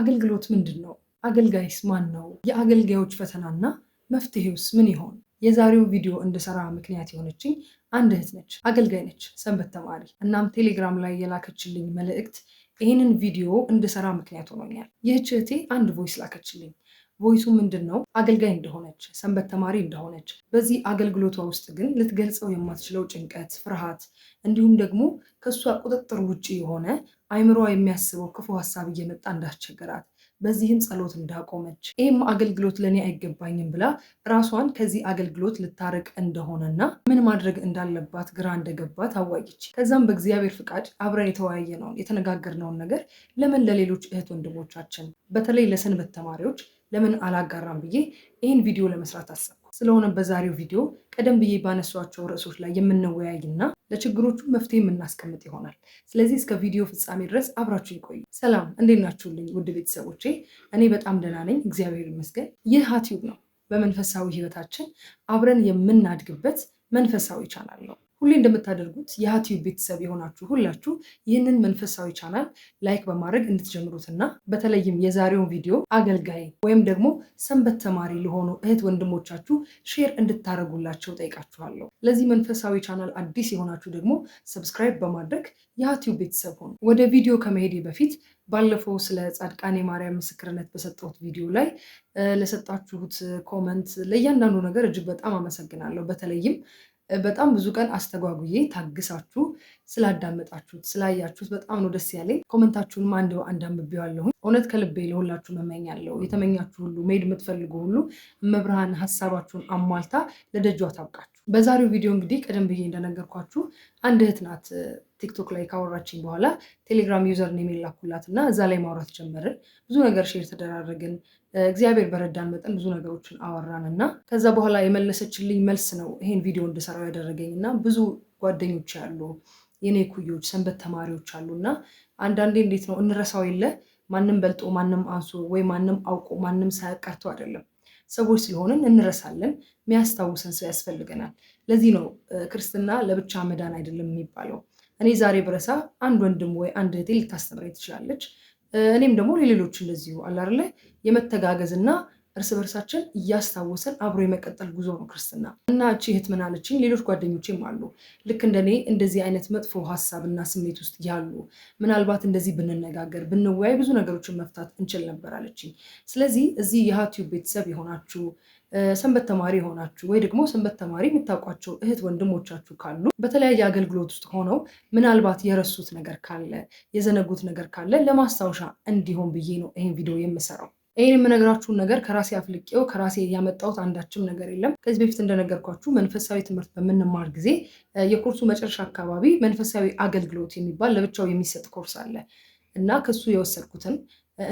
አገልግሎት ምንድን ነው? አገልጋይስ ማን ነው? የአገልጋዮች ፈተናና መፍትሄውስ ምን ይሆን? የዛሬው ቪዲዮ እንድሰራ ምክንያት የሆነችኝ አንድ እህት ነች። አገልጋይ ነች፣ ሰንበት ተማሪ። እናም ቴሌግራም ላይ የላከችልኝ መልእክት ይህንን ቪዲዮ እንድሰራ ምክንያት ሆኖኛል። ይህች እህቴ አንድ ቮይስ ላከችልኝ። ቮይሱ ምንድን ነው? አገልጋይ እንደሆነች፣ ሰንበት ተማሪ እንደሆነች። በዚህ አገልግሎቷ ውስጥ ግን ልትገልጸው የማትችለው ጭንቀት፣ ፍርሃት እንዲሁም ደግሞ ከእሷ ቁጥጥር ውጭ የሆነ አይምሯ የሚያስበው ክፉ ሀሳብ እየመጣ እንዳስቸገራት በዚህም ጸሎት እንዳቆመች ይህም አገልግሎት ለእኔ አይገባኝም ብላ ራሷን ከዚህ አገልግሎት ልታርቅ እንደሆነና ምን ማድረግ እንዳለባት ግራ እንደገባት አዋየች። ከዛም በእግዚአብሔር ፍቃድ አብረን የተወያየነውን የተነጋገርነውን ነገር ለምን ለሌሎች እህት ወንድሞቻችን በተለይ ለሰንበት ተማሪዎች ለምን አላጋራም ብዬ ይህን ቪዲዮ ለመስራት አሰብኩ። ስለሆነ በዛሬው ቪዲዮ ቀደም ብዬ ባነሷቸው ርዕሶች ላይ የምንወያይና ለችግሮቹ መፍትሄ የምናስቀምጥ ይሆናል። ስለዚህ እስከ ቪዲዮ ፍጻሜ ድረስ አብራችሁ ይቆዩ። ሰላም፣ እንዴት ናችሁልኝ ውድ ቤተሰቦቼ? እኔ በጣም ደህና ነኝ፣ እግዚአብሔር ይመስገን። ይህ ሀቲዩብ ነው፣ በመንፈሳዊ ህይወታችን አብረን የምናድግበት መንፈሳዊ ቻናል ነው። ሁሌ እንደምታደርጉት የሀቲዩ ቤተሰብ የሆናችሁ ሁላችሁ ይህንን መንፈሳዊ ቻናል ላይክ በማድረግ እንድትጀምሩትና በተለይም የዛሬውን ቪዲዮ አገልጋይ ወይም ደግሞ ሰንበት ተማሪ ለሆኑ እህት ወንድሞቻችሁ ሼር እንድታደርጉላቸው ጠይቃችኋለሁ። ለዚህ መንፈሳዊ ቻናል አዲስ የሆናችሁ ደግሞ ሰብስክራይብ በማድረግ የሀቲዩ ቤተሰብ ሆኑ። ወደ ቪዲዮ ከመሄዴ በፊት ባለፈው ስለ ጻድቃኔ ማርያም ምስክርነት በሰጠሁት ቪዲዮ ላይ ለሰጣችሁት ኮመንት፣ ለእያንዳንዱ ነገር እጅግ በጣም አመሰግናለሁ። በተለይም በጣም ብዙ ቀን አስተጓጉዬ ታግሳችሁ ስላዳመጣችሁት ስላያችሁት በጣም ነው ደስ ያለኝ። ኮመንታችሁንም አንድ አንድ አንብቤዋለሁ። እውነት ከልቤ ለሁላችሁ እመኛለሁ። የተመኛችሁ ሁሉ መሄድ የምትፈልጉ ሁሉ መብርሃን ሀሳባችሁን አሟልታ ለደጇ ታብቃችሁ። በዛሬው ቪዲዮ እንግዲህ ቀደም ብዬ እንደነገርኳችሁ አንድ እህት ናት ቲክቶክ ላይ ካወራችኝ በኋላ ቴሌግራም ዩዘር ነው የሚላኩላት እና እዛ ላይ ማውራት ጀመርን። ብዙ ነገር ሼር ተደራረግን። እግዚአብሔር በረዳን መጠን ብዙ ነገሮችን አወራን እና ከዛ በኋላ የመለሰችልኝ መልስ ነው ይሄን ቪዲዮ እንድሰራው ያደረገኝ እና ብዙ ጓደኞች ያሉ የኔ ኩዮች ሰንበት ተማሪዎች አሉ እና አንዳንዴ እንዴት ነው እንረሳው የለ ማንም በልጦ ማንም አንሶ ወይ ማንም አውቆ ማንም ሳያቃርቶ አይደለም ሰዎች ስለሆንን እንረሳለን። የሚያስታውሰን ሰው ያስፈልገናል። ለዚህ ነው ክርስትና ለብቻ መዳን አይደለም የሚባለው። እኔ ዛሬ ብረሳ አንድ ወንድም ወይ አንድ እህቴ ልታስተምረኝ ትችላለች። እኔም ደግሞ ለሌሎች እንደዚሁ አላርለ የመተጋገዝ እና እርስ በርሳችን እያስታወሰን አብሮ የመቀጠል ጉዞ ነው ክርስትና። እና እቺ እህት ምን አለችኝ፣ ሌሎች ጓደኞቼም አሉ ልክ እንደኔ እንደዚህ አይነት መጥፎ ሀሳብና ስሜት ውስጥ ያሉ፣ ምናልባት እንደዚህ ብንነጋገር ብንወያይ ብዙ ነገሮችን መፍታት እንችል ነበር አለችኝ። ስለዚህ እዚህ የዩቲዩብ ቤተሰብ የሆናችሁ ሰንበት ተማሪ የሆናችሁ ወይ ደግሞ ሰንበት ተማሪ የምታውቋቸው እህት ወንድሞቻችሁ ካሉ በተለያየ አገልግሎት ውስጥ ሆነው ምናልባት የረሱት ነገር ካለ የዘነጉት ነገር ካለ ለማስታወሻ እንዲሆን ብዬ ነው ይህን ቪዲዮ የምሰራው። ይህን የምነግራችሁን ነገር ከራሴ አፍልቄው ከራሴ ያመጣሁት አንዳችም ነገር የለም። ከዚህ በፊት እንደነገርኳችሁ መንፈሳዊ ትምህርት በምንማር ጊዜ የኮርሱ መጨረሻ አካባቢ መንፈሳዊ አገልግሎት የሚባል ለብቻው የሚሰጥ ኮርስ አለ እና ከሱ የወሰድኩትን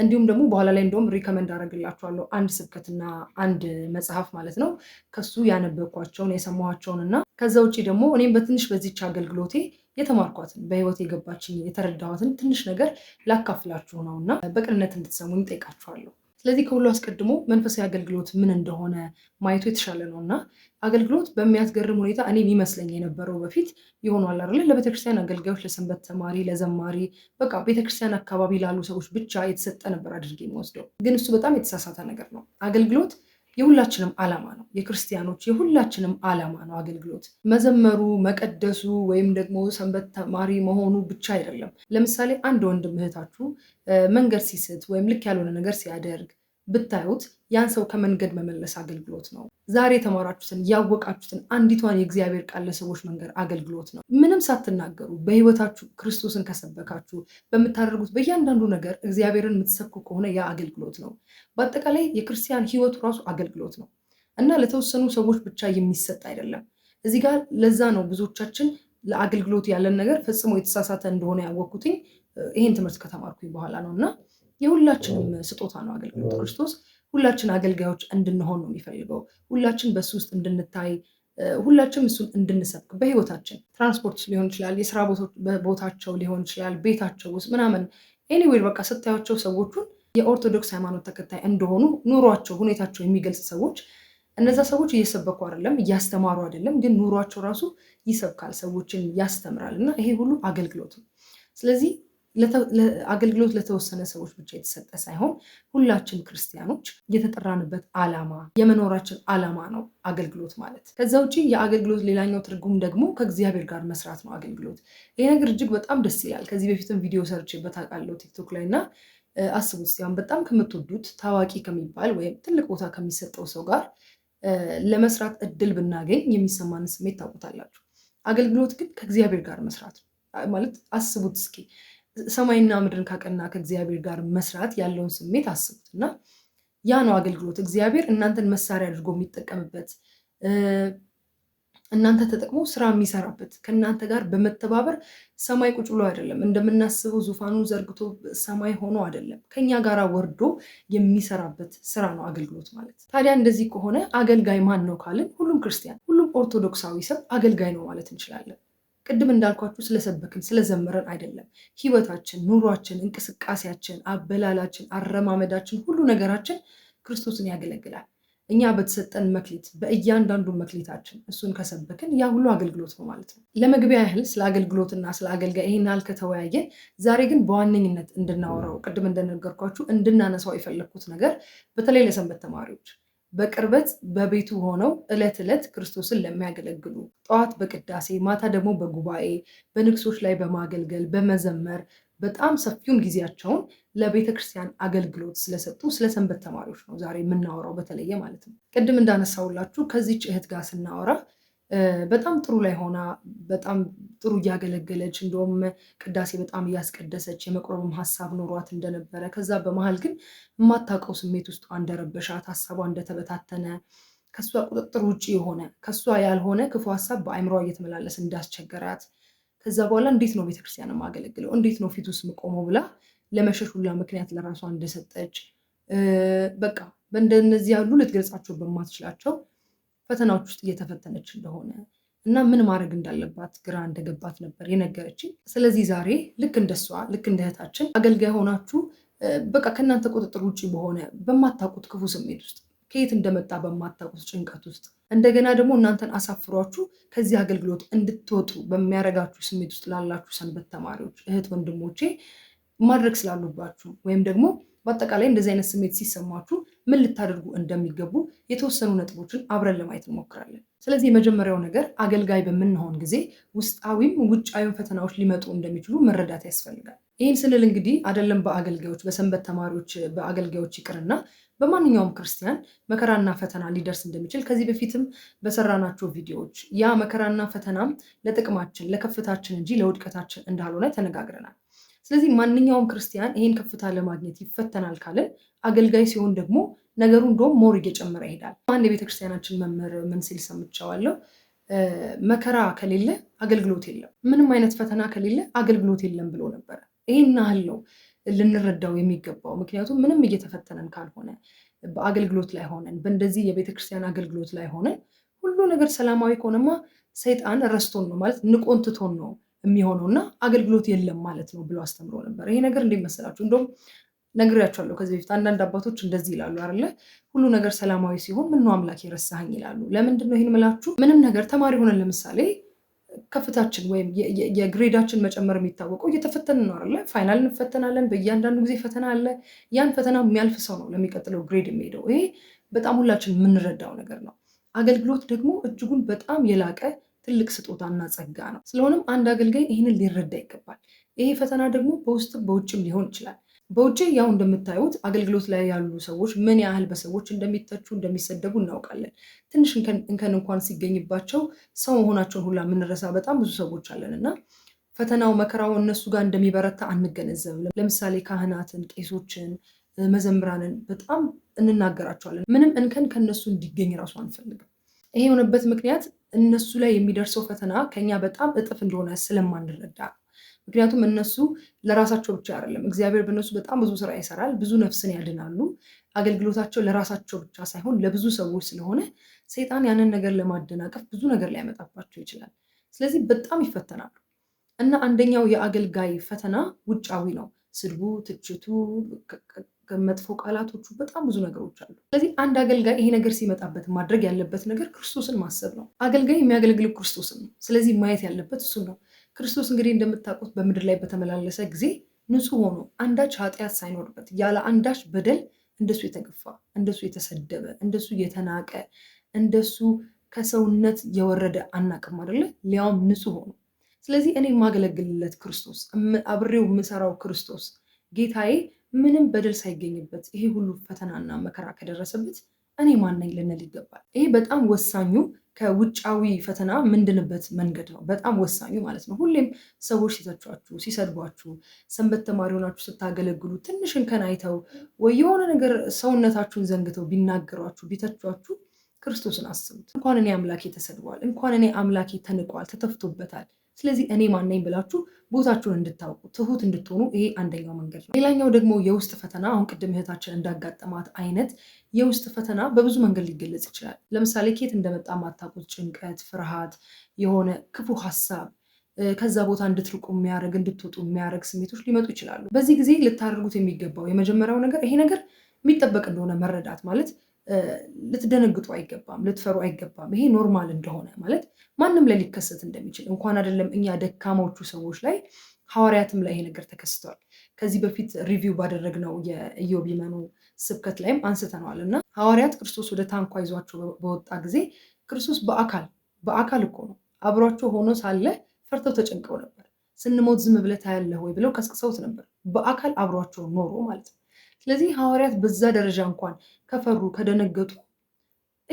እንዲሁም ደግሞ በኋላ ላይ እንደውም ሪከመንድ አደረግላቸዋለሁ አንድ ስብከትና አንድ መጽሐፍ ማለት ነው ከሱ ያነበብኳቸውን የሰማኋቸውን እና ከዛ ውጭ ደግሞ እኔም በትንሽ በዚች አገልግሎቴ የተማርኳትን በህይወት የገባችን የተረዳኋትን ትንሽ ነገር ላካፍላችሁ ነው እና በቅንነት እንድትሰሙኝ ጠይቃችኋለሁ። ስለዚህ ከሁሉ አስቀድሞ መንፈሳዊ አገልግሎት ምን እንደሆነ ማየቱ የተሻለ ነው እና አገልግሎት በሚያስገርም ሁኔታ እኔ የሚመስለኝ የነበረው በፊት ይሆኗል አይደለ ለቤተክርስቲያን አገልጋዮች፣ ለሰንበት ተማሪ፣ ለዘማሪ በቃ ቤተክርስቲያን አካባቢ ላሉ ሰዎች ብቻ የተሰጠ ነበር አድርጌ የሚወስደው። ግን እሱ በጣም የተሳሳተ ነገር ነው። አገልግሎት የሁላችንም ዓላማ ነው። የክርስቲያኖች የሁላችንም ዓላማ ነው። አገልግሎት መዘመሩ፣ መቀደሱ ወይም ደግሞ ሰንበት ተማሪ መሆኑ ብቻ አይደለም። ለምሳሌ አንድ ወንድም እህታችሁ መንገድ ሲስት ወይም ልክ ያልሆነ ነገር ሲያደርግ ብታዩት ያን ሰው ከመንገድ መመለስ አገልግሎት ነው። ዛሬ የተማራችሁትን ያወቃችሁትን አንዲቷን የእግዚአብሔር ቃል ለሰዎች መንገድ አገልግሎት ነው። ምንም ሳትናገሩ በህይወታችሁ ክርስቶስን ከሰበካችሁ በምታደርጉት በእያንዳንዱ ነገር እግዚአብሔርን የምትሰብኩ ከሆነ ያ አገልግሎት ነው። በአጠቃላይ የክርስቲያን ህይወቱ ራሱ አገልግሎት ነው እና ለተወሰኑ ሰዎች ብቻ የሚሰጥ አይደለም። እዚህ ጋር ለዛ ነው ብዙዎቻችን ለአገልግሎት ያለን ነገር ፈጽሞ የተሳሳተ እንደሆነ ያወቅኩትኝ ይሄን ትምህርት ከተማርኩኝ በኋላ ነው እና የሁላችንም ስጦታ ነው አገልግሎት ክርስቶስ። ሁላችን አገልጋዮች እንድንሆን ነው የሚፈልገው። ሁላችን በሱ ውስጥ እንድንታይ፣ ሁላችንም እሱን እንድንሰብክ በህይወታችን ትራንስፖርት ሊሆን ይችላል፣ የስራ ቦታቸው ሊሆን ይችላል፣ ቤታቸው ውስጥ ምናምን ኤኒዌይ በቃ ስታያቸው ሰዎቹን የኦርቶዶክስ ሃይማኖት ተከታይ እንደሆኑ ኑሯቸው፣ ሁኔታቸው የሚገልጽ ሰዎች እነዛ ሰዎች እየሰበኩ አይደለም እያስተማሩ አይደለም፣ ግን ኑሯቸው ራሱ ይሰብካል፣ ሰዎችን ያስተምራል እና ይሄ ሁሉ አገልግሎት ነው። ስለዚህ አገልግሎት ለተወሰነ ሰዎች ብቻ የተሰጠ ሳይሆን ሁላችን ክርስቲያኖች የተጠራንበት ዓላማ የመኖራችን ዓላማ ነው አገልግሎት ማለት። ከዛ ውጭ የአገልግሎት ሌላኛው ትርጉም ደግሞ ከእግዚአብሔር ጋር መስራት ነው አገልግሎት። ይህ ነገር እጅግ በጣም ደስ ይላል። ከዚህ በፊትም ቪዲዮ ሰርቼበት አውቃለሁ ቲክቶክ ላይ እና አስቡት ሲሆን በጣም ከምትወዱት ታዋቂ ከሚባል ወይም ትልቅ ቦታ ከሚሰጠው ሰው ጋር ለመስራት እድል ብናገኝ የሚሰማን ስሜት ታውቁታላችሁ። አገልግሎት ግን ከእግዚአብሔር ጋር መስራት ማለት አስቡት እስኪ ሰማይና ምድርን ካቀና ከእግዚአብሔር ጋር መስራት ያለውን ስሜት አስቡት እና ያ ነው አገልግሎት። እግዚአብሔር እናንተን መሳሪያ አድርጎ የሚጠቀምበት እናንተ ተጠቅሞ ስራ የሚሰራበት ከእናንተ ጋር በመተባበር ሰማይ ቁጭ ብሎ አይደለም እንደምናስበው ዙፋኑ ዘርግቶ ሰማይ ሆኖ አይደለም፣ ከኛ ጋር ወርዶ የሚሰራበት ስራ ነው አገልግሎት ማለት። ታዲያ እንደዚህ ከሆነ አገልጋይ ማን ነው ካልን፣ ሁሉም ክርስቲያን፣ ሁሉም ኦርቶዶክሳዊ ሰብ አገልጋይ ነው ማለት እንችላለን። ቅድም እንዳልኳችሁ ስለሰበክን ስለዘመረን አይደለም። ህይወታችን፣ ኑሯችን፣ እንቅስቃሴያችን፣ አበላላችን፣ አረማመዳችን፣ ሁሉ ነገራችን ክርስቶስን ያገለግላል። እኛ በተሰጠን መክሊት፣ በእያንዳንዱ መክሊታችን እሱን ከሰበክን ያ ሁሉ አገልግሎት ነው ማለት ነው። ለመግቢያ ያህል ስለ አገልግሎትና ስለ አገልጋይ ይህን ያህል ከተወያየን፣ ዛሬ ግን በዋነኝነት እንድናወራው ቅድም እንደነገርኳችሁ እንድናነሳው የፈለግኩት ነገር በተለይ ለሰንበት ተማሪዎች በቅርበት በቤቱ ሆነው ዕለት ዕለት ክርስቶስን ለሚያገለግሉ ጠዋት በቅዳሴ ማታ ደግሞ በጉባኤ በንግሶች ላይ በማገልገል በመዘመር በጣም ሰፊውን ጊዜያቸውን ለቤተ ክርስቲያን አገልግሎት ስለሰጡ ስለ ሰንበት ተማሪዎች ነው ዛሬ የምናወራው፣ በተለየ ማለት ነው። ቅድም እንዳነሳውላችሁ ከዚች እህት ጋር ስናወራ በጣም ጥሩ ላይ ሆና በጣም ጥሩ እያገለገለች እንደውም ቅዳሴ በጣም እያስቀደሰች የመቆረብም ሀሳብ ኖሯት እንደነበረ ከዛ በመሀል ግን የማታውቀው ስሜት ውስጧ እንደረበሻት ሀሳቧ እንደተበታተነ ከሷ ቁጥጥር ውጭ የሆነ ከሷ ያልሆነ ክፉ ሀሳብ በአእምሯ እየተመላለስ እንዳስቸገራት ከዛ በኋላ እንዴት ነው ቤተክርስቲያን የማገለግለው እንዴት ነው ፊት ውስጥ የምቆመው ብላ ለመሸሽ ሁላ ምክንያት ለራሷ እንደሰጠች በቃ በእንደነዚህ ያሉ ልትገልጻቸው በማትችላቸው ፈተናዎች ውስጥ እየተፈተነች እንደሆነ እና ምን ማድረግ እንዳለባት ግራ እንደገባት ነበር የነገረችኝ። ስለዚህ ዛሬ ልክ እንደሷ ልክ እንደ እህታችን አገልጋይ ሆናችሁ በቃ ከእናንተ ቁጥጥር ውጭ በሆነ በማታውቁት ክፉ ስሜት ውስጥ ከየት እንደመጣ በማታውቁት ጭንቀት ውስጥ እንደገና ደግሞ እናንተን አሳፍሯችሁ ከዚህ አገልግሎት እንድትወጡ በሚያደርጋችሁ ስሜት ውስጥ ላላችሁ ሰንበት ተማሪዎች እህት ወንድሞቼ ማድረግ ስላሉባችሁ ወይም ደግሞ በአጠቃላይ እንደዚህ አይነት ስሜት ሲሰማችሁ ምን ልታደርጉ እንደሚገቡ የተወሰኑ ነጥቦችን አብረን ለማየት እንሞክራለን። ስለዚህ የመጀመሪያው ነገር አገልጋይ በምንሆን ጊዜ ውስጣዊም ውጫዊም ፈተናዎች ሊመጡ እንደሚችሉ መረዳት ያስፈልጋል። ይህን ስልል እንግዲህ አይደለም በአገልጋዮች በሰንበት ተማሪዎች በአገልጋዮች ይቅርና በማንኛውም ክርስቲያን መከራና ፈተና ሊደርስ እንደሚችል ከዚህ በፊትም በሰራናቸው ቪዲዮዎች ያ መከራና ፈተናም ለጥቅማችን ለከፍታችን እንጂ ለውድቀታችን እንዳልሆነ ተነጋግረናል። ስለዚህ ማንኛውም ክርስቲያን ይሄን ከፍታ ለማግኘት ይፈተናል ካልን አገልጋይ ሲሆን ደግሞ ነገሩ እንደውም ሞር እየጨመረ ይሄዳል። አንድ የቤተክርስቲያናችን መምህር ምን ሲል መከራ ከሌለ አገልግሎት የለም፣ ምንም አይነት ፈተና ከሌለ አገልግሎት የለም ብሎ ነበረ። ይሄን ያህል ነው ልንረዳው የሚገባው። ምክንያቱም ምንም እየተፈተነን ካልሆነ በአገልግሎት ላይ ሆነን በእንደዚህ የቤተክርስቲያን አገልግሎት ላይ ሆነን ሁሉ ነገር ሰላማዊ ከሆነማ ሰይጣን ረስቶን ነው ማለት ንቆን ትቶን ነው የሚሆነው እና አገልግሎት የለም ማለት ነው ብሎ አስተምሮ ነበር። ይሄ ነገር እንዴት መሰላችሁ? እንደውም ነግሬያቸዋለሁ ከዚህ በፊት አንዳንድ አባቶች እንደዚህ ይላሉ አለ ሁሉ ነገር ሰላማዊ ሲሆን ምነው አምላክ የረሳኝ ይላሉ። ለምንድን ነው ይህን ምላችሁ? ምንም ነገር ተማሪ ሆነን ለምሳሌ ከፍታችን ወይም የግሬዳችን መጨመር የሚታወቀው እየተፈተን ነው አለ ፋይናል እንፈተናለን። በእያንዳንዱ ጊዜ ፈተና አለ። ያን ፈተና የሚያልፍ ሰው ነው ለሚቀጥለው ግሬድ የሚሄደው። ይሄ በጣም ሁላችን የምንረዳው ነገር ነው። አገልግሎት ደግሞ እጅጉን በጣም የላቀ ትልቅ ስጦታና ጸጋ ነው። ስለሆነም አንድ አገልጋይ ይህንን ሊረዳ ይገባል። ይሄ ፈተና ደግሞ በውስጥ በውጭም ሊሆን ይችላል። በውጭ ያው እንደምታዩት አገልግሎት ላይ ያሉ ሰዎች ምን ያህል በሰዎች እንደሚተቹ እንደሚሰደቡ እናውቃለን። ትንሽ እንከን እንኳን ሲገኝባቸው ሰው መሆናቸውን ሁላ የምንረሳ በጣም ብዙ ሰዎች አለን እና ፈተናው መከራው እነሱ ጋር እንደሚበረታ አንገነዘብም። ለምሳሌ ካህናትን፣ ቄሶችን፣ መዘምራንን በጣም እንናገራቸዋለን። ምንም እንከን ከነሱ እንዲገኝ ራሱ አንፈልግም። ይሄ የሆነበት ምክንያት እነሱ ላይ የሚደርሰው ፈተና ከኛ በጣም እጥፍ እንደሆነ ስለማንረዳ ነው። ምክንያቱም እነሱ ለራሳቸው ብቻ አይደለም፣ እግዚአብሔር በእነሱ በጣም ብዙ ስራ ይሰራል፣ ብዙ ነፍስን ያድናሉ። አገልግሎታቸው ለራሳቸው ብቻ ሳይሆን ለብዙ ሰዎች ስለሆነ ሰይጣን ያንን ነገር ለማደናቀፍ ብዙ ነገር ሊያመጣባቸው ይችላል። ስለዚህ በጣም ይፈተናሉ እና አንደኛው የአገልጋይ ፈተና ውጫዊ ነው። ስድቡ፣ ትችቱ ከመጥፎ ቃላቶቹ በጣም ብዙ ነገሮች አሉ። ስለዚህ አንድ አገልጋይ ይሄ ነገር ሲመጣበት ማድረግ ያለበት ነገር ክርስቶስን ማሰብ ነው። አገልጋይ የሚያገለግል ክርስቶስን ነው። ስለዚህ ማየት ያለበት እሱ ነው። ክርስቶስ እንግዲህ እንደምታውቁት በምድር ላይ በተመላለሰ ጊዜ ንጹህ ሆኖ አንዳች ኃጢአት ሳይኖርበት ያለ አንዳች በደል እንደሱ የተገፋ እንደሱ የተሰደበ እንደሱ የተናቀ እንደሱ ከሰውነት የወረደ አናቅም አይደለ? ሊያውም ንጹህ ሆኖ። ስለዚህ እኔ የማገለግልለት ክርስቶስ አብሬው የምሰራው ክርስቶስ ጌታዬ ምንም በደል ሳይገኝበት ይሄ ሁሉ ፈተናና መከራ ከደረሰበት እኔ ማነኝ ልንል ይገባል። ይሄ በጣም ወሳኙ ከውጫዊ ፈተና ምንድንበት መንገድ ነው። በጣም ወሳኙ ማለት ነው። ሁሌም ሰዎች ሲተቿችሁ፣ ሲሰድቧችሁ፣ ሰንበት ተማሪ ሆናችሁ ስታገለግሉ ትንሽ እንከን አይተው ወይ የሆነ ነገር ሰውነታችሁን ዘንግተው ቢናገሯችሁ፣ ቢተቿችሁ ክርስቶስን አስቡት። እንኳን እኔ አምላኬ ተሰድቧል፣ እንኳን እኔ አምላኬ ተንቋል፣ ተተፍቶበታል ስለዚህ እኔ ማነኝ ብላችሁ ቦታችሁን እንድታውቁ ትሁት እንድትሆኑ ይሄ አንደኛው መንገድ ነው። ሌላኛው ደግሞ የውስጥ ፈተና አሁን ቅድም እህታችን እንዳጋጠማት አይነት የውስጥ ፈተና በብዙ መንገድ ሊገለጽ ይችላል። ለምሳሌ ኬት እንደመጣ ማታውቁት ጭንቀት፣ ፍርሃት፣ የሆነ ክፉ ሀሳብ ከዛ ቦታ እንድትርቁ የሚያደርግ እንድትወጡ የሚያደርግ ስሜቶች ሊመጡ ይችላሉ። በዚህ ጊዜ ልታደርጉት የሚገባው የመጀመሪያው ነገር ይሄ ነገር የሚጠበቅ እንደሆነ መረዳት ማለት ልትደነግጡ አይገባም፣ ልትፈሩ አይገባም። ይሄ ኖርማል እንደሆነ ማለት ማንም ላይ ሊከሰት እንደሚችል እንኳን አይደለም እኛ ደካማዎቹ ሰዎች ላይ ሐዋርያትም ላይ ይሄ ነገር ተከስተዋል። ከዚህ በፊት ሪቪው ባደረግነው የኢዮብ ይመኑ ስብከት ላይም አንስተነዋል እና ሐዋርያት ክርስቶስ ወደ ታንኳ ይዟቸው በወጣ ጊዜ ክርስቶስ በአካል በአካል እኮ ነው አብሯቸው ሆኖ ሳለ ፈርተው ተጨንቀው ነበር። ስንሞት ዝም ብለህ ታያለህ ወይ ብለው ቀስቅሰውት ነበር። በአካል አብሯቸው ኖሮ ማለት ነው። ስለዚህ ሐዋርያት በዛ ደረጃ እንኳን ከፈሩ ከደነገጡ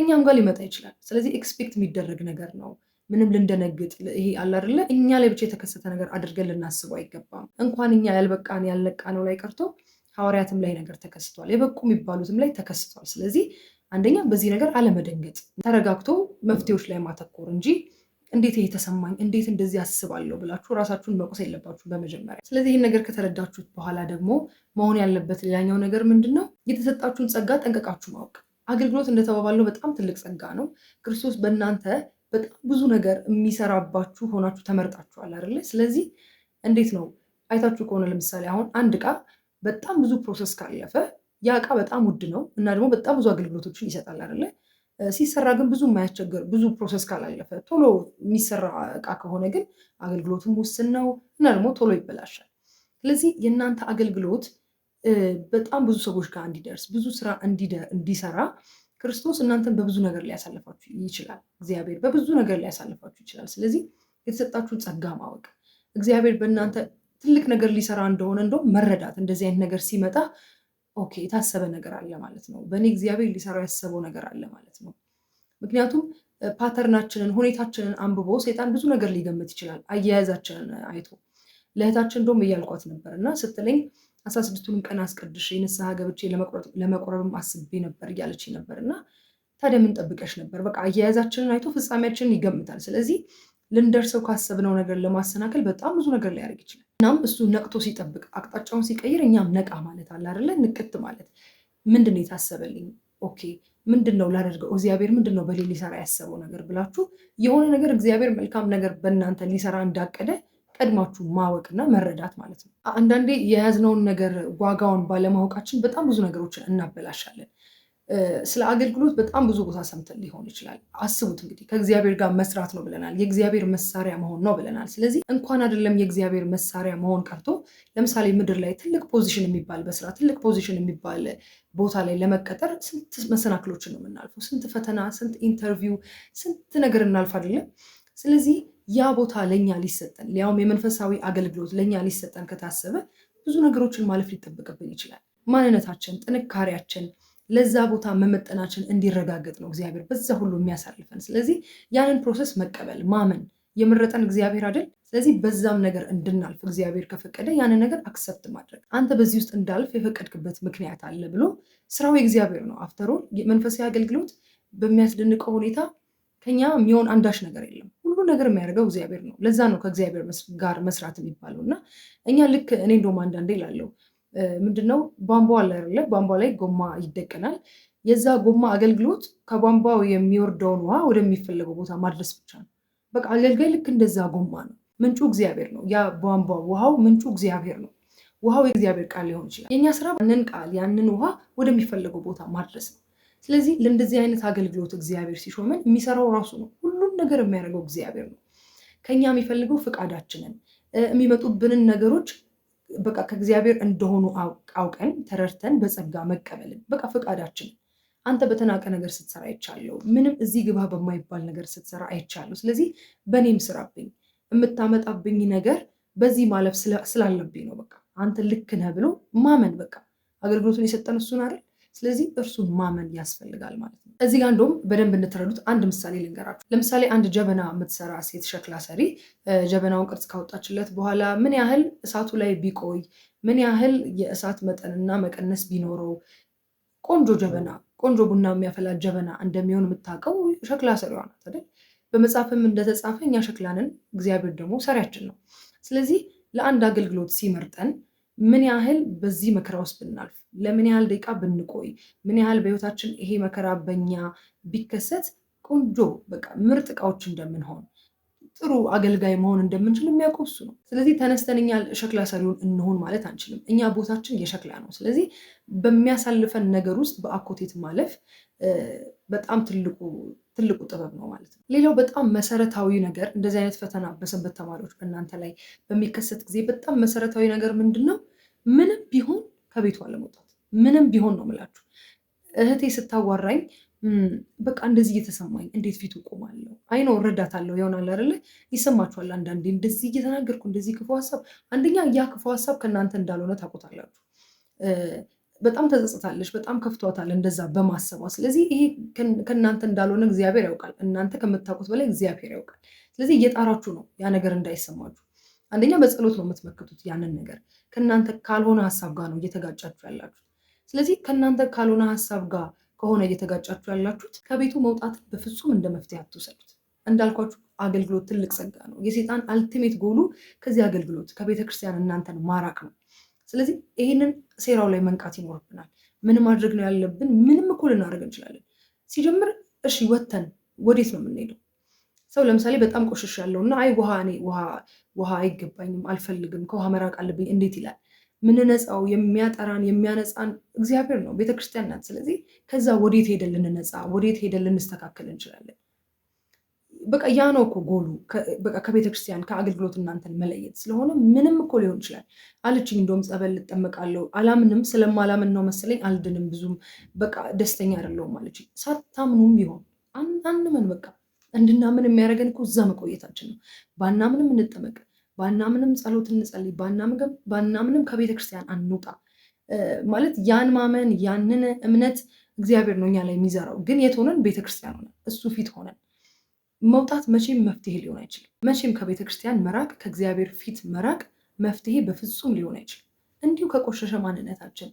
እኛም ጋር ሊመጣ ይችላል። ስለዚህ ኤክስፔክት የሚደረግ ነገር ነው። ምንም ልንደነግጥ ይሄ አለ አይደለ እኛ ላይ ብቻ የተከሰተ ነገር አድርገን ልናስበው አይገባም። እንኳን እኛ ያልበቃን ነው ላይ ቀርቶ ሐዋርያትም ላይ ነገር ተከስቷል፣ የበቁ የሚባሉትም ላይ ተከስቷል። ስለዚህ አንደኛ በዚህ ነገር አለመደንገጥ፣ ተረጋግቶ መፍትሄዎች ላይ ማተኮር እንጂ እንዴት ይሄ ተሰማኝ፣ እንዴት እንደዚህ አስባለሁ ብላችሁ ራሳችሁን መቁስ የለባችሁ በመጀመሪያ። ስለዚህ ይህን ነገር ከተረዳችሁት በኋላ ደግሞ መሆን ያለበት ሌላኛው ነገር ምንድን ነው? የተሰጣችሁን ጸጋ ጠንቀቃችሁ ማወቅ። አገልግሎት እንደተባባለው በጣም ትልቅ ጸጋ ነው። ክርስቶስ በእናንተ በጣም ብዙ ነገር የሚሰራባችሁ ሆናችሁ ተመርጣችኋል አይደለ? ስለዚህ እንዴት ነው አይታችሁ ከሆነ ለምሳሌ አሁን አንድ እቃ በጣም ብዙ ፕሮሰስ ካለፈ ያ እቃ በጣም ውድ ነው እና ደግሞ በጣም ብዙ አገልግሎቶችን ይሰጣል አይደለ? ሲሰራ ግን ብዙ የማያስቸግር ብዙ ፕሮሰስ ካላለፈ ቶሎ የሚሰራ እቃ ከሆነ ግን አገልግሎትም ውስን ነው እና ደግሞ ቶሎ ይበላሻል። ስለዚህ የእናንተ አገልግሎት በጣም ብዙ ሰዎች ጋር እንዲደርስ ብዙ ስራ እንዲሰራ ክርስቶስ እናንተን በብዙ ነገር ሊያሳልፋችሁ ይችላል። እግዚአብሔር በብዙ ነገር ሊያሳልፋችሁ ይችላል። ስለዚህ የተሰጣችሁን ጸጋ ማወቅ እግዚአብሔር በእናንተ ትልቅ ነገር ሊሰራ እንደሆነ እንደውም መረዳት እንደዚህ አይነት ነገር ሲመጣ ኦኬ የታሰበ ነገር አለ ማለት ነው። በእኔ እግዚአብሔር ሊሰራው ያሰበው ነገር አለ ማለት ነው። ምክንያቱም ፓተርናችንን ሁኔታችንን አንብቦ ሰይጣን ብዙ ነገር ሊገምት ይችላል። አያያዛችንን አይቶ ለእህታችን እንደውም እያልኳት ነበር እና ስትለኝ አስራ ስድስቱንም ቀን አስቀድሽ የንስሐ ገብቼ ለመቁረብም አስቤ ነበር እያለች ነበር እና ታዲያ ምን ጠብቀሽ ነበር? በቃ አያያዛችንን አይቶ ፍጻሜያችንን ይገምታል። ስለዚህ ልንደርሰው ካሰብነው ነገር ለማሰናከል በጣም ብዙ ነገር ሊያደርግ ይችላል። እናም እሱ ነቅቶ ሲጠብቅ አቅጣጫውን ሲቀይር እኛም ነቃ ማለት አለ አይደለ? ንቅት ማለት ምንድን ነው የታሰበልኝ? ኦኬ ምንድን ነው ላደርገው? እግዚአብሔር ምንድን ነው በሌ ሊሰራ ያሰበው ነገር ብላችሁ የሆነ ነገር እግዚአብሔር መልካም ነገር በእናንተ ሊሰራ እንዳቀደ ቀድማችሁ ማወቅና መረዳት ማለት ነው። አንዳንዴ የያዝነውን ነገር ዋጋውን ባለማወቃችን በጣም ብዙ ነገሮችን እናበላሻለን። ስለ አገልግሎት በጣም ብዙ ቦታ ሰምተን ሊሆን ይችላል። አስቡት እንግዲህ ከእግዚአብሔር ጋር መስራት ነው ብለናል። የእግዚአብሔር መሳሪያ መሆን ነው ብለናል። ስለዚህ እንኳን አይደለም የእግዚአብሔር መሳሪያ መሆን ቀርቶ ለምሳሌ ምድር ላይ ትልቅ ፖዚሽን የሚባል በስራ ትልቅ ፖዚሽን የሚባል ቦታ ላይ ለመቀጠር ስንት መሰናክሎችን ነው የምናልፈው? ስንት ፈተና፣ ስንት ኢንተርቪው፣ ስንት ነገር እናልፍ አይደለም? ስለዚህ ያ ቦታ ለእኛ ሊሰጠን ሊያውም የመንፈሳዊ አገልግሎት ለእኛ ሊሰጠን ከታሰበ ብዙ ነገሮችን ማለፍ ሊጠበቅብን ይችላል። ማንነታችን፣ ጥንካሬያችን ለዛ ቦታ መመጠናችን እንዲረጋገጥ ነው እግዚአብሔር በዛ ሁሉ የሚያሳልፈን። ስለዚህ ያንን ፕሮሰስ መቀበል ማመን የመረጠን እግዚአብሔር አይደል? ስለዚህ በዛም ነገር እንድናልፍ እግዚአብሔር ከፈቀደ ያንን ነገር አክሰፕት ማድረግ አንተ በዚህ ውስጥ እንዳልፍ የፈቀድክበት ምክንያት አለ ብሎ ስራው የእግዚአብሔር ነው። አፍተሮ መንፈሳዊ አገልግሎት በሚያስደንቀው ሁኔታ ከኛ የሚሆን አንዳች ነገር የለም። ሁሉ ነገር የሚያደርገው እግዚአብሔር ነው። ለዛ ነው ከእግዚአብሔር ጋር መስራት የሚባለው እና እኛ ልክ እኔ እንደውም አንዳንዴ ይላለው ምንድነው ቧንቧ አለ አይደለ? ቧንቧ ላይ ጎማ ይደቀናል። የዛ ጎማ አገልግሎት ከቧንቧው የሚወርደውን ውሃ ወደሚፈለገው ቦታ ማድረስ ብቻ ነው። በቃ አገልጋይ ልክ እንደዛ ጎማ ነው። ምንጩ እግዚአብሔር ነው። ያ ቧንቧ ውሃው ምንጩ እግዚአብሔር ነው። ውሃው የእግዚአብሔር ቃል ሊሆን ይችላል። የእኛ ስራ ያንን ቃል ያንን ውሃ ወደሚፈለገው ቦታ ማድረስ ነው። ስለዚህ ለእንደዚህ አይነት አገልግሎት እግዚአብሔር ሲሾመን የሚሰራው ራሱ ነው። ሁሉም ነገር የሚያደርገው እግዚአብሔር ነው። ከኛ የሚፈልገው ፈቃዳችንን የሚመጡብንን ነገሮች በቃ ከእግዚአብሔር እንደሆኑ አውቀን ተረድተን በጸጋ መቀበልን በቃ ፈቃዳችን አንተ በተናቀ ነገር ስትሰራ አይቻለሁ። ምንም እዚህ ግባ በማይባል ነገር ስትሰራ አይቻለሁ። ስለዚህ በእኔም ስራብኝ የምታመጣብኝ ነገር በዚህ ማለፍ ስላለብኝ ነው። በቃ አንተ ልክ ነህ ብሎ ማመን በቃ አገልግሎቱን የሰጠን እሱን አይደል ስለዚህ እርሱን ማመን ያስፈልጋል ማለት ነው። እዚህ ጋር እንደውም በደንብ እንድትረዱት አንድ ምሳሌ ልንገራችሁ። ለምሳሌ አንድ ጀበና የምትሰራ ሴት ሸክላ ሰሪ ጀበናውን ቅርጽ ካወጣችለት በኋላ ምን ያህል እሳቱ ላይ ቢቆይ፣ ምን ያህል የእሳት መጠንና መቀነስ ቢኖረው ቆንጆ ጀበና ቆንጆ ቡና የሚያፈላ ጀበና እንደሚሆን የምታውቀው ሸክላ ሰሪዋ ናት አይደል? በመጽሐፍም እንደተጻፈ እኛ ሸክላንን እግዚአብሔር ደግሞ ሰሪያችን ነው። ስለዚህ ለአንድ አገልግሎት ሲመርጠን ምን ያህል በዚህ መከራ ውስጥ ብናልፍ፣ ለምን ያህል ደቂቃ ብንቆይ፣ ምን ያህል በህይወታችን ይሄ መከራ በኛ ቢከሰት ቆንጆ በቃ ምርጥ እቃዎች እንደምንሆን ጥሩ አገልጋይ መሆን እንደምንችል የሚያውቀው እሱ ነው። ስለዚህ ተነስተን እኛ ሸክላ ሰሪውን እንሆን ማለት አንችልም። እኛ ቦታችን የሸክላ ነው። ስለዚህ በሚያሳልፈን ነገር ውስጥ በአኮቴት ማለፍ በጣም ትልቁ ትልቁ ጥበብ ነው ማለት ነው። ሌላው በጣም መሰረታዊ ነገር እንደዚህ አይነት ፈተና በሰንበት ተማሪዎች በእናንተ ላይ በሚከሰት ጊዜ በጣም መሰረታዊ ነገር ምንድን ነው? ምንም ቢሆን ከቤቱ ለመውጣት ምንም ቢሆን ነው ምላችሁ። እህቴ ስታዋራኝ በቃ እንደዚህ እየተሰማኝ እንዴት ፊቱ ቆማለሁ? አይ ነው እረዳታለሁ። ይሆናል አይደለ? ይሰማችኋል አንዳንዴ እንደዚህ እየተናገርኩ እንደዚህ ክፉ ሀሳብ። አንደኛ ያ ክፉ ሀሳብ ከእናንተ እንዳልሆነ ታውቁታላችሁ። በጣም ተጸጽታለች፣ በጣም ከፍቷታል እንደዛ በማሰቧ። ስለዚህ ይሄ ከእናንተ እንዳልሆነ እግዚአብሔር ያውቃል። እናንተ ከምታውቁት በላይ እግዚአብሔር ያውቃል። ስለዚህ እየጣራችሁ ነው ያ ነገር እንዳይሰማችሁ። አንደኛ በጸሎት ነው የምትመክቱት ያንን ነገር። ከእናንተ ካልሆነ ሀሳብ ጋር ነው እየተጋጫችሁ ያላችሁት። ስለዚህ ከእናንተ ካልሆነ ሀሳብ ጋር ከሆነ እየተጋጫችሁ ያላችሁት ከቤቱ መውጣት በፍጹም እንደ መፍትሄ አትውሰዱት። እንዳልኳችሁ አገልግሎት ትልቅ ጸጋ ነው። የሴጣን አልቲሜት ጎሉ ከዚህ አገልግሎት ከቤተክርስቲያን እናንተን ማራቅ ነው። ስለዚህ ይህንን ሴራው ላይ መንቃት ይኖርብናል። ምን ማድረግ ነው ያለብን? ምንም እኮ ልናደርግ እንችላለን። ሲጀምር እሺ፣ ወተን ወዴት ነው የምንሄደው? ሰው ለምሳሌ በጣም ቆሽሽ ያለው እና አይ ውሃ እኔ ውሃ አይገባኝም፣ አልፈልግም፣ ከውሃ መራቅ አለብኝ እንዴት ይላል? ምንነፃው የሚያጠራን የሚያነፃን እግዚአብሔር ነው፣ ቤተክርስቲያን ናት። ስለዚህ ከዛ ወዴት ሄደን ልንነፃ፣ ወዴት ሄደን ልንስተካከል እንችላለን? በቃ ያ ነው እኮ ጎሉ። ከቤተክርስቲያን ከአገልግሎት እናንተን መለየት ስለሆነ ምንም እኮ ሊሆን ይችላል አለችኝ። እንደውም ጸበል ልጠመቃለሁ አላምንም፣ ስለማላምን ነው መሰለኝ አልድንም፣ ብዙም በቃ ደስተኛ አይደለሁም አለችኝ። ሳታምኑም ቢሆን አናምን በቃ እንድናምን የሚያደርገን እኮ እዛ መቆየታችን ነው። ባናምንም እንጠመቅ፣ ባናምንም ጸሎት እንጸልይ፣ ባናምንም ከቤተክርስቲያን አንውጣ ማለት ያን ማመን ያንን እምነት እግዚአብሔር ነው እኛ ላይ የሚዘራው። ግን የት ሆነን? ቤተክርስቲያን ሆነን እሱ ፊት ሆነን መውጣት መቼም መፍትሄ ሊሆን አይችልም። መቼም ከቤተ ክርስቲያን መራቅ፣ ከእግዚአብሔር ፊት መራቅ መፍትሄ በፍጹም ሊሆን አይችልም። እንዲሁ ከቆሸሸ ማንነታችን፣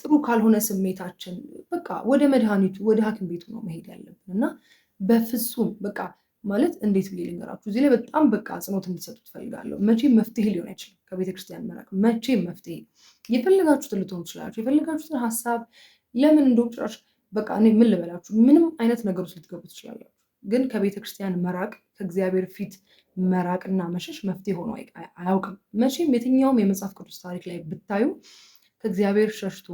ጥሩ ካልሆነ ስሜታችን በቃ ወደ መድኃኒቱ ወደ ሐኪም ቤቱ ነው መሄድ ያለብን እና በፍጹም በቃ ማለት እንዴት ብዬ ልንገራችሁ? እዚህ ላይ በጣም በቃ አጽንኦት እንዲሰጡ ትፈልጋለሁ። መቼም መፍትሄ ሊሆን አይችልም ክርስቲያን መራቅ። መቼም መፍትሄ የፈለጋችሁትን ልትሆኑ ትችላላችሁ። የፈለጋችሁትን ሀሳብ ለምን እንደውም ጭራሽ በቃ እኔ ምን ልበላችሁ፣ ምንም አይነት ነገር ውስጥ ልትገቡ ትችላላችሁ። ግን ከቤተ ክርስቲያን መራቅ ከእግዚአብሔር ፊት መራቅና መሸሽ መፍትሄ ሆኖ አያውቅም። መቼም የትኛውም የመጽሐፍ ቅዱስ ታሪክ ላይ ብታዩ ከእግዚአብሔር ሸሽቶ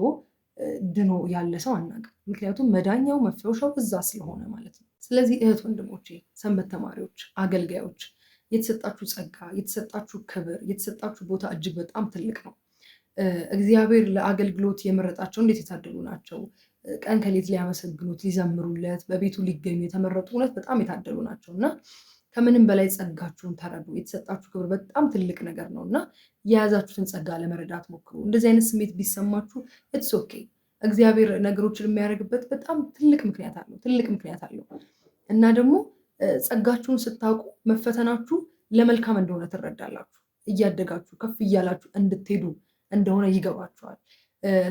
ድኖ ያለ ሰው አናውቅም። ምክንያቱም መዳኛው መፈወሻው እዛ ስለሆነ ማለት ነው። ስለዚህ እህት ወንድሞቼ፣ ሰንበት ተማሪዎች፣ አገልጋዮች የተሰጣችሁ ጸጋ፣ የተሰጣችሁ ክብር፣ የተሰጣችሁ ቦታ እጅግ በጣም ትልቅ ነው። እግዚአብሔር ለአገልግሎት የመረጣቸው እንዴት የታደሉ ናቸው! ቀን ከሌት ሊያመሰግኑት ሊዘምሩለት በቤቱ ሊገኙ የተመረጡ እውነት በጣም የታደሉ ናቸው እና ከምንም በላይ ጸጋችሁን ተረዱ። የተሰጣችሁ ክብር በጣም ትልቅ ነገር ነው እና የያዛችሁትን ጸጋ ለመረዳት ሞክሩ። እንደዚህ አይነት ስሜት ቢሰማችሁ ኢትስ ኦኬ። እግዚአብሔር ነገሮችን የሚያደርግበት በጣም ትልቅ ምክንያት አለው፣ ትልቅ ምክንያት አለው እና ደግሞ ጸጋችሁን ስታውቁ መፈተናችሁ ለመልካም እንደሆነ ትረዳላችሁ። እያደጋችሁ ከፍ እያላችሁ እንድትሄዱ እንደሆነ ይገባችኋል።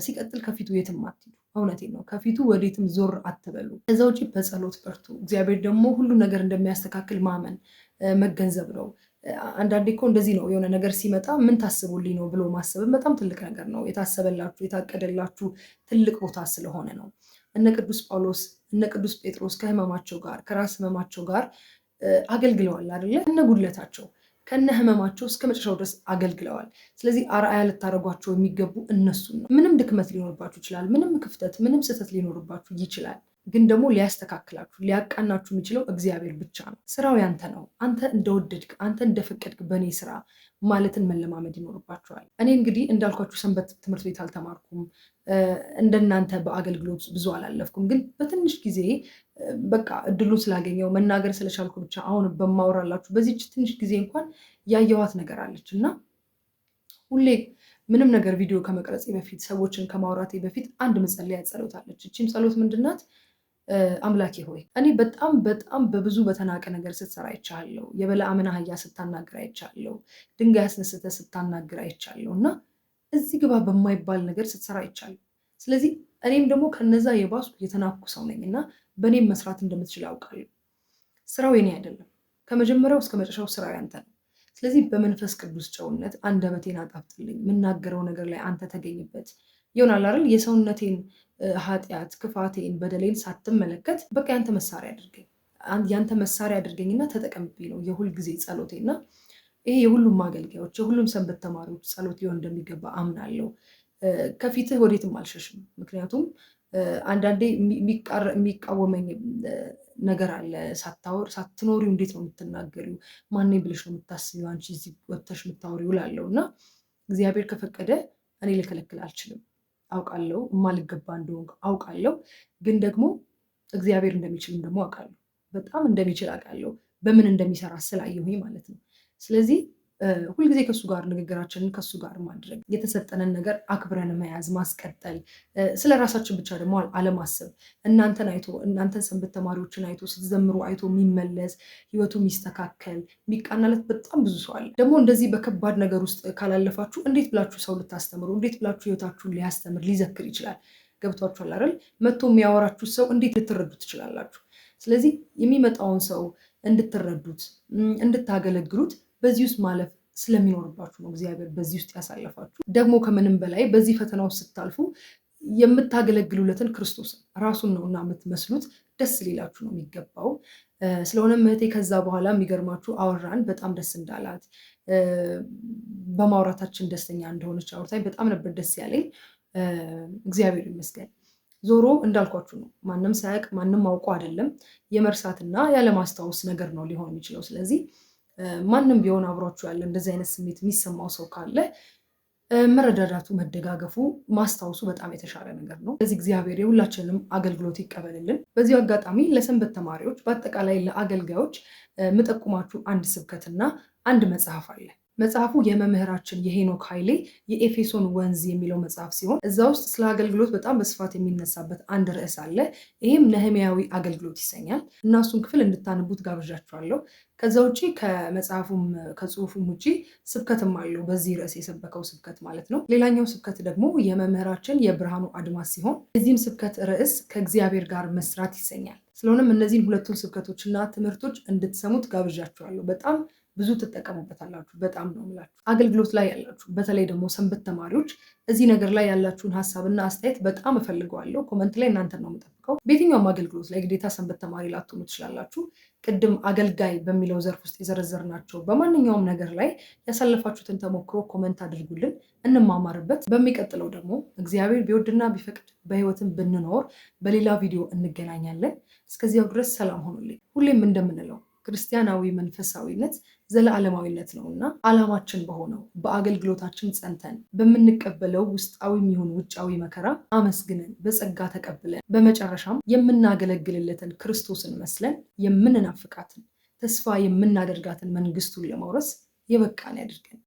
ሲቀጥል ከፊቱ የትም አትሄዱ። እውነቴ ነው። ከፊቱ ወዴትም ዞር አትበሉ። ከዛ ውጭ በጸሎት በርቱ። እግዚአብሔር ደግሞ ሁሉ ነገር እንደሚያስተካክል ማመን መገንዘብ ነው። አንዳንዴ እኮ እንደዚህ ነው። የሆነ ነገር ሲመጣ ምን ታስቡልኝ ነው ብሎ ማሰብን በጣም ትልቅ ነገር ነው። የታሰበላችሁ የታቀደላችሁ ትልቅ ቦታ ስለሆነ ነው። እነ ቅዱስ ጳውሎስ እነ ቅዱስ ጴጥሮስ ከህመማቸው ጋር ከራስ ህመማቸው ጋር አገልግለዋል አይደለ? እነ ጉድለታቸው ከነ ህመማቸው እስከ መጨረሻው ድረስ አገልግለዋል። ስለዚህ አርአያ ልታደርጓቸው የሚገቡ እነሱን ነው። ምንም ድክመት ሊኖርባችሁ ይችላል። ምንም ክፍተት፣ ምንም ስህተት ሊኖርባችሁ ይችላል። ግን ደግሞ ሊያስተካክላችሁ ሊያቃናችሁ የሚችለው እግዚአብሔር ብቻ ነው። ስራው ያንተ ነው። አንተ እንደወደድክ አንተ እንደፈቀድክ በእኔ ስራ ማለትን መለማመድ ይኖርባቸዋል። እኔ እንግዲህ እንዳልኳችሁ ሰንበት ትምህርት ቤት አልተማርኩም፣ እንደናንተ በአገልግሎት ብዙ አላለፍኩም። ግን በትንሽ ጊዜ በቃ እድሉ ስላገኘው መናገር ስለቻልኩ ብቻ አሁን በማወራላችሁ በዚች ትንሽ ጊዜ እንኳን ያየኋት ነገር አለች እና ሁሌ ምንም ነገር ቪዲዮ ከመቅረጽ በፊት ሰዎችን ከማውራቴ በፊት አንድ መጸለያ ጸሎት አለች። እቺም ጸሎት ምንድናት? አምላኬ ሆይ እኔ በጣም በጣም በብዙ በተናቀ ነገር ስትሰራ አይቻለሁ። የበለዓምን አህያ ስታናግር አይቻለሁ። ድንጋይ አስነስተ ስታናግር አይቻለሁ። እና እዚህ ግባ በማይባል ነገር ስትሰራ አይቻለሁ። ስለዚህ እኔም ደግሞ ከነዛ የባሱ የተናኩ ሰው ነኝ እና በእኔም መስራት እንደምትችል ያውቃሉ። ስራው የኔ አይደለም። ከመጀመሪያው እስከ መጨረሻው ስራው ያንተ ነው። ስለዚህ በመንፈስ ቅዱስ ጨውነት አንደበቴን አጣፍጥልኝ። የምናገረው ነገር ላይ አንተ ተገኝበት። ይሆናል አይደል? የሰውነቴን ኃጢአት፣ ክፋቴን፣ በደሌን ሳትመለከት በቃ ያንተ መሳሪያ አድርገኝ ያንተ መሳሪያ አድርገኝና ተጠቀምብኝ ነው የሁል ጊዜ ጸሎቴ ይሄ የሁሉም አገልጋዮች የሁሉም ሰንበት ተማሪዎች ጸሎት ሊሆን እንደሚገባ አምናለሁ። ከፊትህ ወዴትም አልሸሽም። ምክንያቱም አንዳንዴ የሚቃወመኝ ነገር አለ። ሳትኖሪው እንዴት ነው የምትናገሪው? ማን ብለሽ ነው የምታስቢው? አንቺ እዚህ ወጥተሽ የምታወሪው እላለሁ እና እግዚአብሔር ከፈቀደ እኔ ልከለክል አልችልም። አውቃለሁ። የማልገባ እንደሆንኩ አውቃለሁ። ግን ደግሞ እግዚአብሔር እንደሚችልም ደግሞ አውቃለሁ። በጣም እንደሚችል አውቃለሁ። በምን እንደሚሰራ ስላየሁኝ ማለት ነው። ስለዚህ ሁልጊዜ ከሱ ጋር ንግግራችንን ከሱ ጋር ማድረግ፣ የተሰጠንን ነገር አክብረን መያዝ፣ ማስቀጠል፣ ስለ ራሳችን ብቻ ደግሞ አለማሰብ። እናንተን አይቶ እናንተን ሰንበት ተማሪዎችን አይቶ ስትዘምሩ አይቶ የሚመለስ ህይወቱ የሚስተካከል የሚቃናለት በጣም ብዙ ሰው አለ። ደግሞ እንደዚህ በከባድ ነገር ውስጥ ካላለፋችሁ እንዴት ብላችሁ ሰው ልታስተምሩ፣ እንዴት ብላችሁ ህይወታችሁን ሊያስተምር ሊዘክር ይችላል? ገብቷችኋል አይደል? መጥቶ የሚያወራችሁ ሰው እንዴት ልትረዱ ትችላላችሁ? ስለዚህ የሚመጣውን ሰው እንድትረዱት እንድታገለግሉት በዚህ ውስጥ ማለፍ ስለሚኖርባችሁ ነው እግዚአብሔር በዚህ ውስጥ ያሳለፋችሁ። ደግሞ ከምንም በላይ በዚህ ፈተና ውስጥ ስታልፉ የምታገለግሉለትን ክርስቶስን ራሱን ነው እና የምትመስሉት። ደስ ሊላችሁ ነው የሚገባው። ስለሆነ እህቴ ከዛ በኋላ የሚገርማችሁ አወራን። በጣም ደስ እንዳላት በማውራታችን ደስተኛ እንደሆነች አውርታኝ በጣም ነበር ደስ ያለኝ። እግዚአብሔር ይመስገን። ዞሮ እንዳልኳችሁ ነው። ማንም ሳያውቅ ማንም አውቆ አይደለም። የመርሳትና ያለማስታወስ ነገር ነው ሊሆን የሚችለው። ስለዚህ ማንም ቢሆን አብሯችሁ ያለ እንደዚህ አይነት ስሜት የሚሰማው ሰው ካለ መረዳዳቱ፣ መደጋገፉ፣ ማስታወሱ በጣም የተሻለ ነገር ነው። ስለዚህ እግዚአብሔር የሁላችንም አገልግሎት ይቀበልልን። በዚሁ አጋጣሚ ለሰንበት ተማሪዎች፣ በአጠቃላይ ለአገልጋዮች ምጠቁማችሁ አንድ ስብከትና አንድ መጽሐፍ አለ። መጽሐፉ የመምህራችን የሄኖክ ኃይሌ የኤፌሶን ወንዝ የሚለው መጽሐፍ ሲሆን እዛ ውስጥ ስለ አገልግሎት በጣም በስፋት የሚነሳበት አንድ ርዕስ አለ። ይህም ነህሚያዊ አገልግሎት ይሰኛል እና እሱን ክፍል እንድታነቡት ጋብዣችኋለሁ። ከዛ ውጭ ከመጽሐፉም ከጽሁፉም ውጭ ስብከትም አለው። በዚህ ርዕስ የሰበከው ስብከት ማለት ነው። ሌላኛው ስብከት ደግሞ የመምህራችን የብርሃኑ አድማስ ሲሆን የዚህም ስብከት ርዕስ ከእግዚአብሔር ጋር መስራት ይሰኛል። ስለሆነም እነዚህን ሁለቱን ስብከቶችና ትምህርቶች እንድትሰሙት ጋብዣችኋለሁ በጣም ብዙ ትጠቀሙበታላችሁ። በጣም ነው የምላችሁ። አገልግሎት ላይ ያላችሁ በተለይ ደግሞ ሰንበት ተማሪዎች እዚህ ነገር ላይ ያላችሁን ሀሳብና አስተያየት በጣም እፈልገዋለሁ። ኮመንት ላይ እናንተ ነው የምጠብቀው። በየትኛውም አገልግሎት ላይ ግዴታ ሰንበት ተማሪ ላትሆኑ ትችላላችሁ። ቅድም አገልጋይ በሚለው ዘርፍ ውስጥ የዘረዘርናቸው በማንኛውም ነገር ላይ ያሳለፋችሁትን ተሞክሮ ኮመንት አድርጉልን፣ እንማማርበት። በሚቀጥለው ደግሞ እግዚአብሔር ቢወድና ቢፈቅድ በሕይወትም ብንኖር በሌላ ቪዲዮ እንገናኛለን። እስከዚያው ድረስ ሰላም ሆኑልኝ። ሁሌም እንደምንለው ክርስቲያናዊ መንፈሳዊነት ዘለዓለማዊነት ነው እና ዓላማችን በሆነው በአገልግሎታችን ጸንተን በምንቀበለው ውስጣዊ የሚሆን ውጫዊ መከራ አመስግነን በጸጋ ተቀብለን በመጨረሻም የምናገለግልለትን ክርስቶስን መስለን የምንናፍቃትን ተስፋ የምናደርጋትን መንግስቱን ለማውረስ የበቃን ያድርገን።